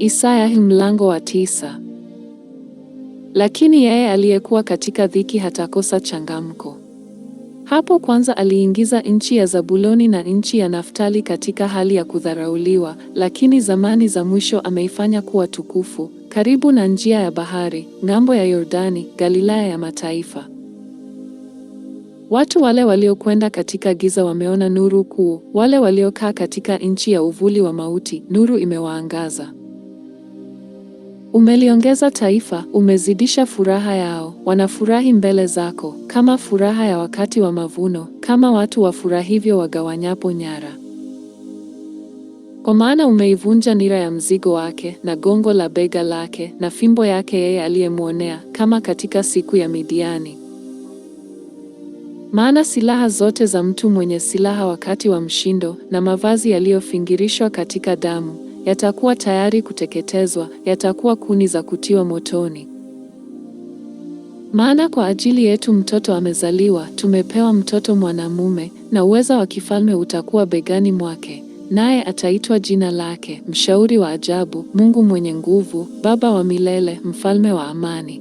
Isaya mlango wa tisa. Lakini yeye aliyekuwa katika dhiki hatakosa changamko. Hapo kwanza aliingiza nchi ya Zabuloni na nchi ya Naftali katika hali ya kudharauliwa, lakini zamani za mwisho ameifanya kuwa tukufu, karibu na njia ya bahari, ng'ambo ya Yordani, Galilaya ya mataifa. Watu wale waliokwenda katika giza wameona nuru kuu, wale waliokaa katika nchi ya uvuli wa mauti, nuru imewaangaza. Umeliongeza taifa, umezidisha furaha yao, wanafurahi mbele zako, kama furaha ya wakati wa mavuno, kama watu wafurahivyo wagawanyapo nyara. Kwa maana umeivunja nira ya mzigo wake, na gongo la bega lake, na fimbo yake yeye aliyemwonea, kama katika siku ya Midiani. Maana silaha zote za mtu mwenye silaha wakati wa mshindo, na mavazi yaliyofingirishwa katika damu yatakuwa tayari kuteketezwa, yatakuwa kuni za kutiwa motoni. Maana kwa ajili yetu mtoto amezaliwa, tumepewa mtoto mwanamume, na uweza wa kifalme utakuwa begani mwake, naye ataitwa jina lake, Mshauri wa Ajabu, Mungu Mwenye Nguvu, Baba wa Milele, Mfalme wa Amani.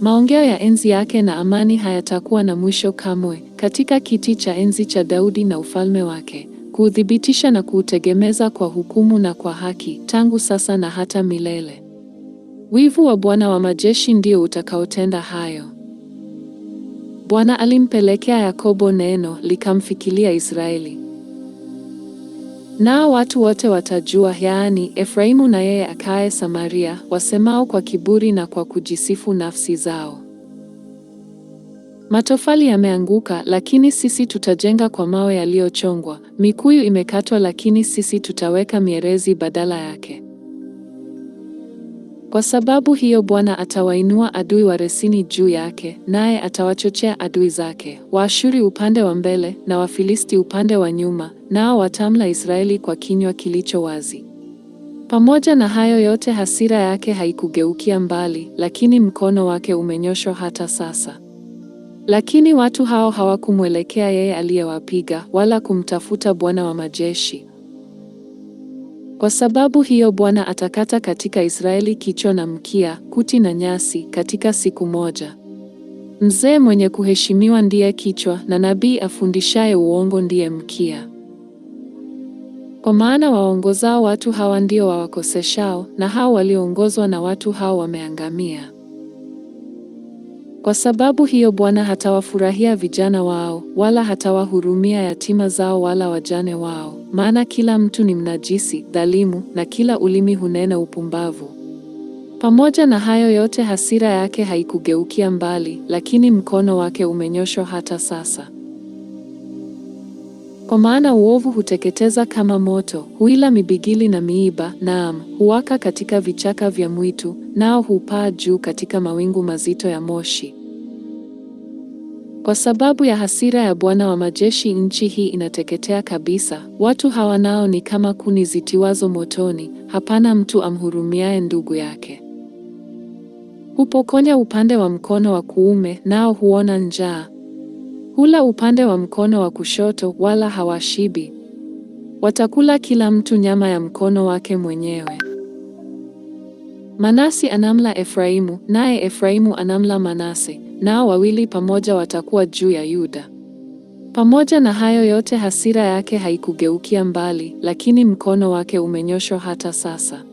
Maongeo ya enzi yake na amani hayatakuwa na mwisho kamwe, katika kiti cha enzi cha Daudi na ufalme wake kuuthibitisha na kuutegemeza kwa hukumu na kwa haki, tangu sasa na hata milele. Wivu wa Bwana wa majeshi ndio utakaotenda hayo. Bwana alimpelekea Yakobo neno, likamfikilia Israeli. Nao watu wote watajua, yaani Efraimu na yeye akaye Samaria, wasemao kwa kiburi na kwa kujisifu nafsi zao Matofali yameanguka, lakini sisi tutajenga kwa mawe yaliyochongwa. Mikuyu imekatwa, lakini sisi tutaweka mierezi badala yake. Kwa sababu hiyo Bwana atawainua adui wa Resini juu yake, naye atawachochea adui zake, Waashuri upande wa mbele na Wafilisti upande wa nyuma, nao watamla Israeli kwa kinywa kilicho wazi. Pamoja na hayo yote, hasira yake haikugeukia mbali, lakini mkono wake umenyoshwa hata sasa. Lakini watu hao hawakumwelekea yeye aliyewapiga wala kumtafuta Bwana wa majeshi. Kwa sababu hiyo Bwana atakata katika Israeli kichwa na mkia, kuti na nyasi katika siku moja. Mzee mwenye kuheshimiwa ndiye kichwa na nabii afundishaye uongo ndiye mkia. Kwa maana waongozao watu hawa ndio wawakoseshao, na hao walioongozwa na watu hao wameangamia. Kwa sababu hiyo Bwana hatawafurahia vijana wao, wala hatawahurumia yatima zao wala wajane wao, maana kila mtu ni mnajisi, dhalimu, na kila ulimi hunena upumbavu. Pamoja na hayo yote, hasira yake haikugeukia mbali, lakini mkono wake umenyoshwa hata sasa. Kwa maana uovu huteketeza kama moto, huila mibigili na miiba, naam, huwaka katika vichaka vya mwitu, nao hupaa juu katika mawingu mazito ya moshi. Kwa sababu ya hasira ya Bwana wa majeshi, nchi hii inateketea kabisa. Watu hawa nao ni kama kuni zitiwazo motoni, hapana mtu amhurumiaye ndugu yake. Hupokonya upande wa mkono wa kuume, nao huona njaa. Hula upande wa mkono wa kushoto, wala hawashibi. Watakula kila mtu nyama ya mkono wake mwenyewe. Manasi anamla Efraimu, naye Efraimu anamla Manase, nao wawili pamoja watakuwa juu ya Yuda. Pamoja na hayo yote, hasira yake haikugeukia mbali, lakini mkono wake umenyoshwa hata sasa.